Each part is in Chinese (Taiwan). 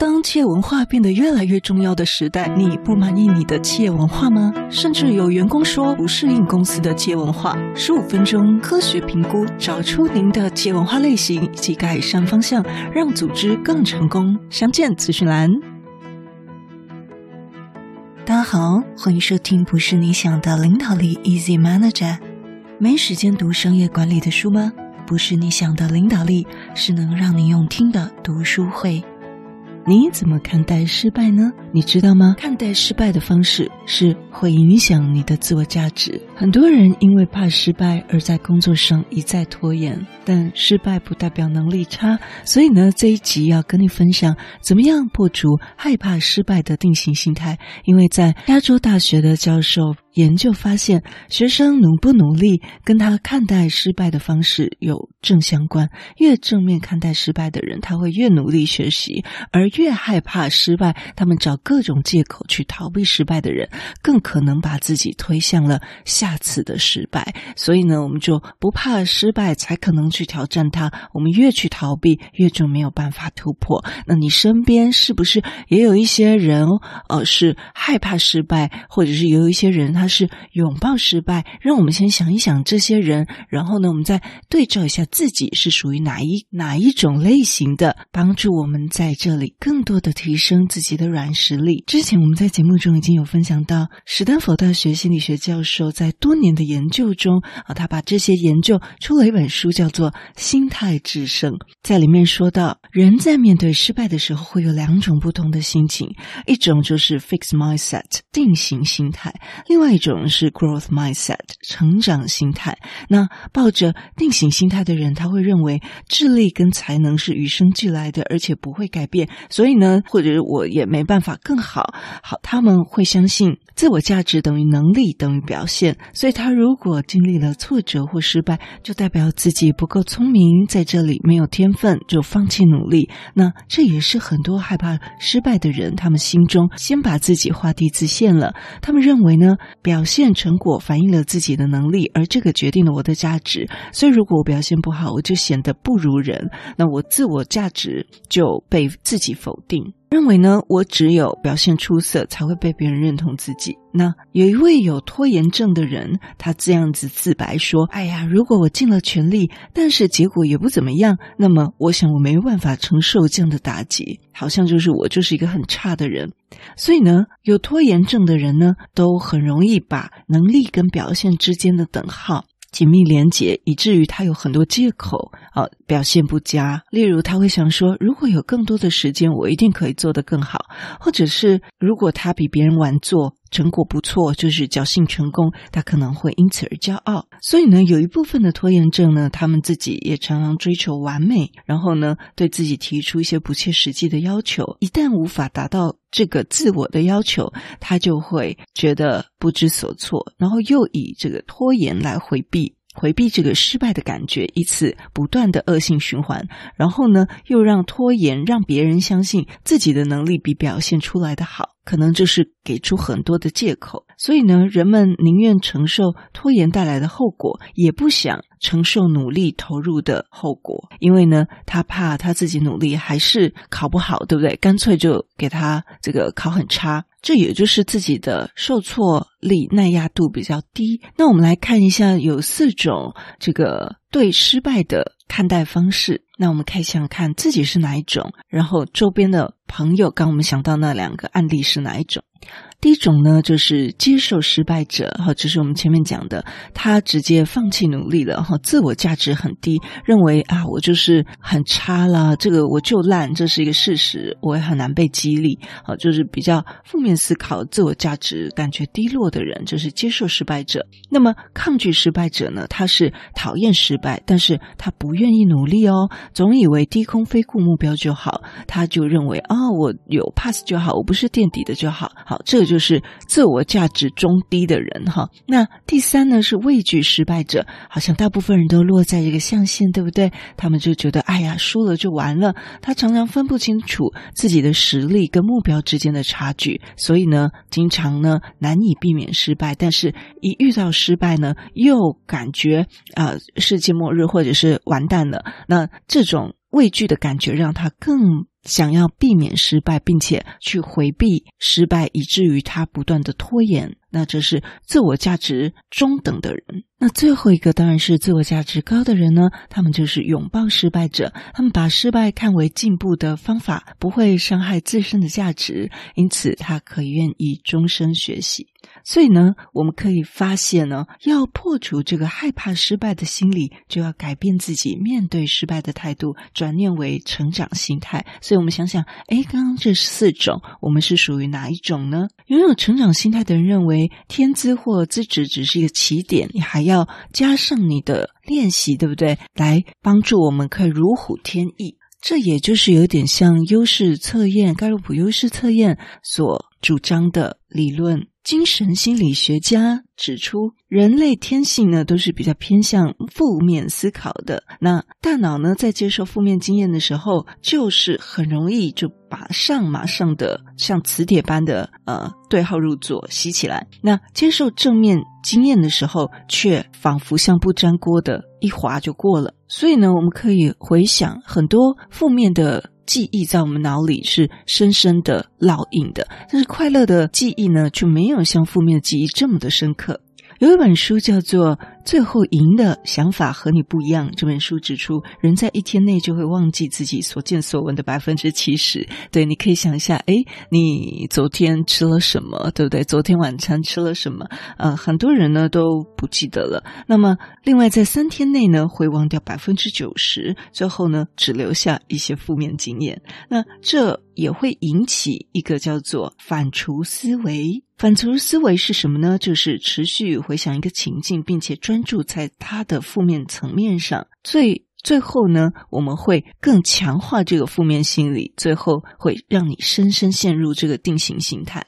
當企業文化變得越來越重要的時代，你不滿意你的企業文化嗎？甚至有員工說不適應公司的企業文化。十五分鐘科學評估，找出您的企業文化類型以及改善方向，讓組織更成功。詳見資訊欄。大家好，歡迎收聽《不是你想的領導力》，Easy Manager。沒時間讀商業管理的書嗎？不是你想的領導力，是能讓你用聽的讀書會。你怎麼看待失敗呢？你知道嗎？看待失敗的方式是會影響你的自我價值。很多人因為怕失敗而在工作上一再拖延，但失敗不代表能力差。所以呢，這一集要跟你分享怎麼樣破除害怕失敗的定型心態。因為在加州大學的教授研究發現，學生努不努力跟他看待失敗的方式有正相關。越正面看待失敗的人，他會越努力學習；而越害怕失敗，他們找各種借口去逃避失敗的人，更可能把自己推向了下次的失敗，所以呢，我們就不怕失敗，才可能去挑戰它。我們越去逃避，越就沒有辦法突破。那你身邊是不是也有一些人，呃、哦，是害怕失敗，或者是有一些人他是擁抱失敗？讓我們先想一想這些人，然後呢，我們再對照一下自己是屬於哪一哪一種類型的，幫助我們在這裡更多的提升自己的軟實力。之前我們在節目中已經有分享到，史丹佛大學心理學教授在多年的研究中啊，他把這些研究出了一本書，叫做《心態致勝》。在裡面說到，人在面對失敗的時候會有兩種不同的心情，一種就是 fixed mindset 定型心態，另外一種是 growth mindset 成長心態。那抱着定型心態的人，他會認為智力跟才能是與生俱來的，而且不會改變，所以呢，或者我也沒辦法更好，好，他們會相信自我價值等於能力等於表現。所以，他如果經歷了挫折或失敗，就代表自己不夠聰明，在這裡沒有天分，就放棄努力。那這也是很多害怕失敗的人，他們心中先把自己畫地自限了。他們認為呢，表現成果反映了自己的能力，而這個決定了我的價值。所以，如果我表現不好，我就顯得不如人，那我自我價值就被自己否定。認為呢，我只有表現出色才會被別人認同自己。那有一位有拖延症的人，他這樣子自白說：“哎呀，如果我盡了全力，但是結果也不怎麼樣，那麼我想我沒辦法承受這樣的打擊，好像就是我就是一個很差的人。所以呢，有拖延症的人呢，都很容易把能力跟表現之間的等號。”緊密連結，以至於他有很多借口啊、呃，表現不佳。例如，他會想說，如果有更多的時間，我一定可以做得更好，或者是如果他比別人晚做。成果不錯，就是僥倖成功，他可能會因此而驕傲。所以呢，有一部分的拖延症呢，他們自己也常常追求完美，然後呢，對自己提出一些不切實際的要求。一旦無法達到這個自我的要求，他就會覺得不知所措，然後又以這個拖延來回避。回避這個失敗的感覺，以此不斷的惡性循環，然後呢，又讓拖延讓別人相信自己的能力比表現出來的好，可能就是給出很多的借口。所以呢，人們寧願承受拖延帶來的後果，也不想承受努力投入的後果，因為呢，他怕他自己努力還是考不好，對不對？乾脆就給他這個考很差。這也就是自己的受挫力、耐壓度比較低。那我們來看一下，有四種這個對失敗的看待方式。那我們看一下，看自己是哪一種，然後周邊的朋友，剛我們想到那兩個案例是哪一種。第一種呢，就是接受失敗者，哈、哦，就是我們前面講的，他直接放棄努力了，哈、哦，自我價值很低，認為啊，我就是很差啦，這個我就爛，這是一個事實，我也很難被激勵，好、哦，就是比較負面思考，自我價值感覺低落的人，就是接受失敗者。那麼抗拒失敗者呢？他是討厭失敗，但是他不願意努力哦，總以為低空飛過目標就好，他就認為啊、哦，我有 pass 就好，我不是墊底的就好，好，這個。就是自我價值中低的人哈，那第三呢是畏懼失敗者，好像大部分人都落在這個象限，對不對？他們就覺得哎呀，輸了就完了。他常常分不清楚自己的實力跟目標之間的差距，所以呢，經常呢難以避免失敗，但是一遇到失敗呢，又感覺啊，呃，世界末日或者是完蛋了，那這種。畏懼的感覺讓他更想要避免失敗，並且去回避失敗，以至於他不斷的拖延，那這是自我價值中等的人。那最後一個當然是自我價值高的人呢，他們就是擁抱失敗者，他們把失敗看為進步的方法，不會傷害自身的價值，因此他可以願意終身學習。所以呢，我們可以發現呢，要破除這個害怕失敗的心理，就要改變自己面對失敗的態度，轉念為成長心態。所以我們想想，誒，剛剛這四種，我們是屬於哪一種呢？擁有成長心態的人認為，天資或資質只是一個起點，你還要。要加上你的練習，對不對？來幫助我們，可以如虎添翼。這也就是有點像優勢測驗、蓋洛普優勢測驗所主張的理論。精神心理學家指出，人類天性呢都是比較偏向負面思考的。那大腦呢在接受負面經驗的時候，就是很容易就馬上、馬上的像磁鐵般的呃對號入座吸起來。那接受正面經驗的時候，卻仿佛像不粘鍋的一滑就過了。所以呢，我們可以回想很多負面的。記憶在我們腦裡是深深的烙印的，但是快樂的記憶呢，卻沒有像負面的記憶這麼的深刻。有一本書叫做。最後贏的想法和你不一樣。這本書指出，人在一天內就會忘記自己所見所聞的百分之七十。對，你可以想一下，誒，你昨天吃了什麼？對不對？昨天晚餐吃了什麼？呃，很多人呢都不記得了。那麼，另外在三天內呢，會忘掉百分之九十，最後呢，只留下一些負面經驗。那這。也會引起一個叫做反芻思維。反芻思維是什麼呢？就是持續回想一個情境，並且專注在它的負面層面上。最最後呢，我們會更強化這個負面心理，最後會讓你深深陷入這個定型心態。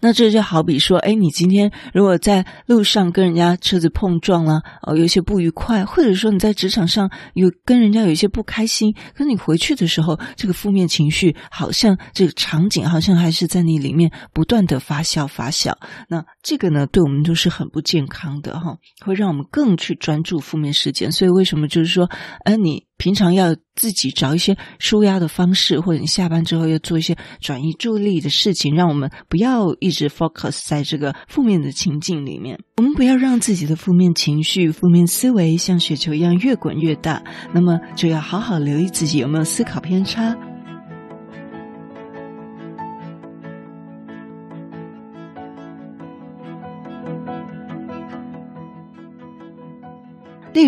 那這就好比說，哎，你今天如果在路上跟人家車子碰撞了，哦，有些不愉快，或者說你在職場上有跟人家有一些不開心，可是你回去的時候，這個負面情緒好像這個場景好像還是在你裡面不斷的發酵發酵。那這個呢，對我們就是很不健康的哈，會讓我們更去專注負面事件。所以為什麼就是說，誒，哎，你。平常要自己找一些舒壓的方式，或者你下班之後要做一些轉移注意力的事情，讓我們不要一直 focus 在這個負面的情境裡面。我們不要讓自己的負面情緒、負面思維像雪球一樣越滾越大，那麼就要好好留意自己有沒有思考偏差。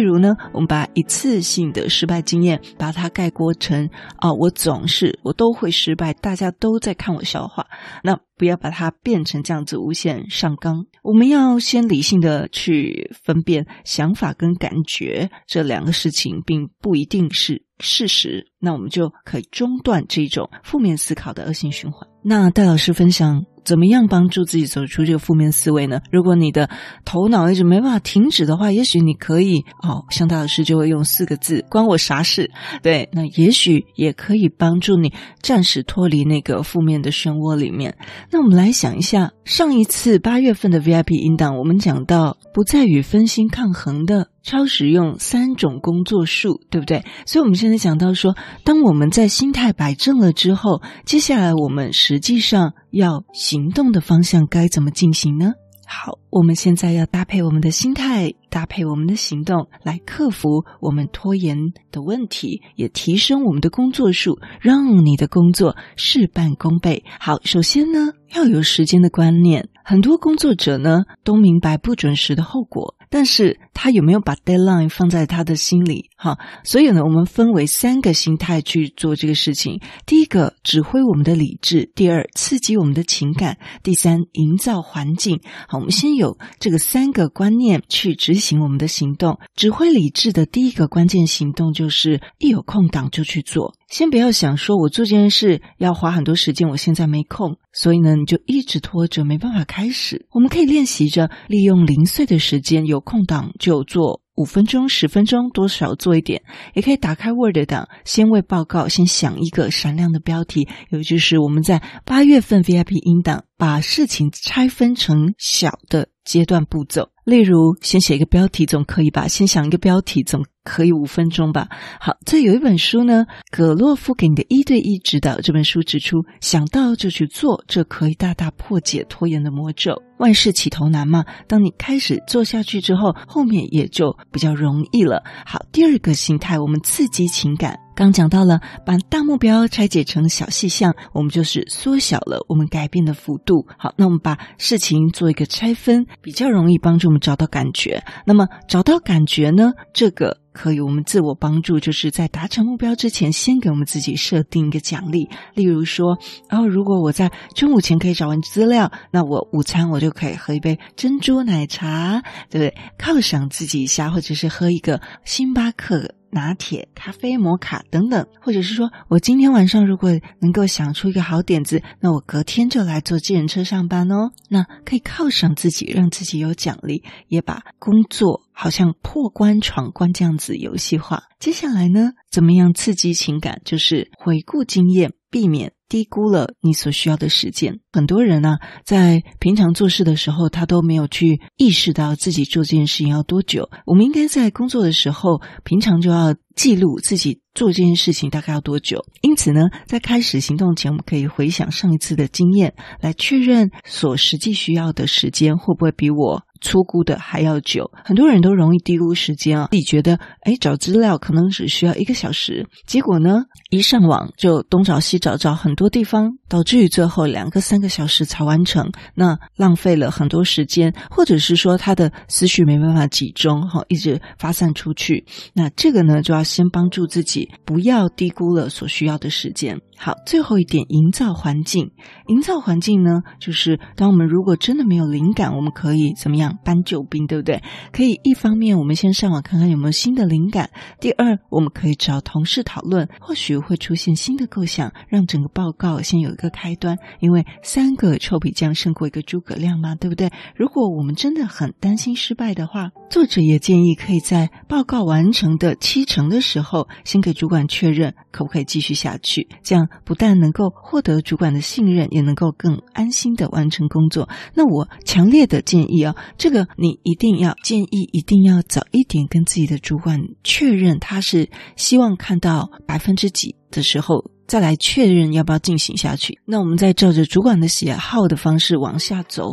例如呢，我們把一次性的失敗經驗，把它概括成啊、哦，我總是我都會失敗，大家都在看我笑話。那不要把它變成這樣子無限上綱。我們要先理性的去分辨想法跟感覺這兩個事情，並不一定是事實。那我們就可以中斷這種負面思考的惡性循環。那戴老師分享。怎麼樣幫助自己走出這個負面思維呢？如果你的頭腦一直沒辦法停止的話，也許你可以，哦，向大老師就會用四個字：關我啥事？對，那也許也可以幫助你暫時脫離那個負面的漩渦裡面。那我們來想一下，上一次八月份的 VIP 音檔，我們講到不再與分心抗衡的。超實用三種工作術，對不對？所以，我們現在講到說，當我們在心態擺正了之後，接下來我們實際上要行動的方向該怎麼進行呢？好，我們現在要搭配我們的心態，搭配我們的行動，來克服我們拖延的問題，也提升我們的工作數，讓你的工作事半功倍。好，首先呢，要有時間的觀念，很多工作者呢都明白不準時的後果。但是他有沒有把 deadline 放在他的心裡？哈，所以呢，我們分為三個心態去做這個事情。第一個，指揮我們的理智；第二，刺激我們的情感；第三，營造環境。好，我們先有這個三個觀念去執行我們的行動。指揮理智的第一個關鍵行動就是，一有空檔就去做。先不要想說，我做這件事要花很多時間，我現在沒空，所以呢，你就一直拖着，沒辦法開始。我們可以練習着利用零碎的時間，有空檔就做五分鐘、十分鐘，多少做一點。也可以打開 Word 檔，先為報告，先想一個閃亮的標題，也就是我們在八月份 VIP 音檔把事情拆分成小的階段步驟。例如，先寫一個標題總可以吧？先想一個標題總可以五分鐘吧？好，這有一本書呢，《葛洛夫給你的一對一指導》這本書指出，想到就去做，這可以大大破解拖延的魔咒。萬事起頭難嘛，當你開始做下去之後，後面也就比較容易了。好，第二個心態，我們刺激情感。剛講到了，把大目標拆解成小細項，我們就是縮小了我們改變的幅度。好，那我們把事情做一個拆分，比較容易幫助我們找到感覺。那麼找到感覺呢？這個可以我們自我幫助，就是在達成目標之前，先給我們自己設定一個獎勵。例如說，哦，如果我在中午前可以找完資料，那我午餐我就可以喝一杯珍珠奶茶，對不對？犒賞自己一下，或者是喝一個星巴克。拿鐵、咖啡、摩卡等等，或者是說我今天晚上如果能夠想出一個好點子，那我隔天就來坐計程車上班哦，那可以犒賞自己，讓自己有獎勵，也把工作，好像破關闖關這樣子遊戲化。接下來呢，怎麼樣刺激情感？就是回顧經驗，避免低估了你所需要的時間。很多人啊，在平常做事的時候，他都沒有去意識到自己做這件事情要多久。我們應該在工作的時候，平常就要記錄自己做這件事情大概要多久。因此呢，在開始行動前，我們可以回想上一次的經驗，來確認所實際需要的時間會不會比我。出估的還要久，很多人都容易低估時間啊、哦。自己覺得哎，找資料可能只需要一個小時，結果呢，一上網就東找西找，找很多地方，導致於最後兩個三個小時才完成，那浪費了很多時間，或者是說他的思緒沒辦法集中，哈、哦，一直發散出去。那這個呢，就要先幫助自己，不要低估了所需要的時間。好，最後一點，營造環境。營造環境呢，就是當我們如果真的沒有靈感，我們可以怎麼樣搬救兵，對不對？可以一方面我們先上網看看有沒有新的靈感；第二，我們可以找同事討論，或許會出現新的構想，讓整個報告先有一個開端。因為三個臭皮匠勝過一個諸葛亮嘛，對不對？如果我們真的很擔心失敗的話，作者也建議可以在報告完成的七成的時候，先給主管確認可不可以繼續下去，這樣。不但能夠獲得主管的信任，也能夠更安心的完成工作。那我強烈的建議啊、哦，這個你一定要建議，一定要早一點跟自己的主管確認，他是希望看到百分之幾的時候，再來確認要不要進行下去。那我們再照着主管的喜好的方式往下走。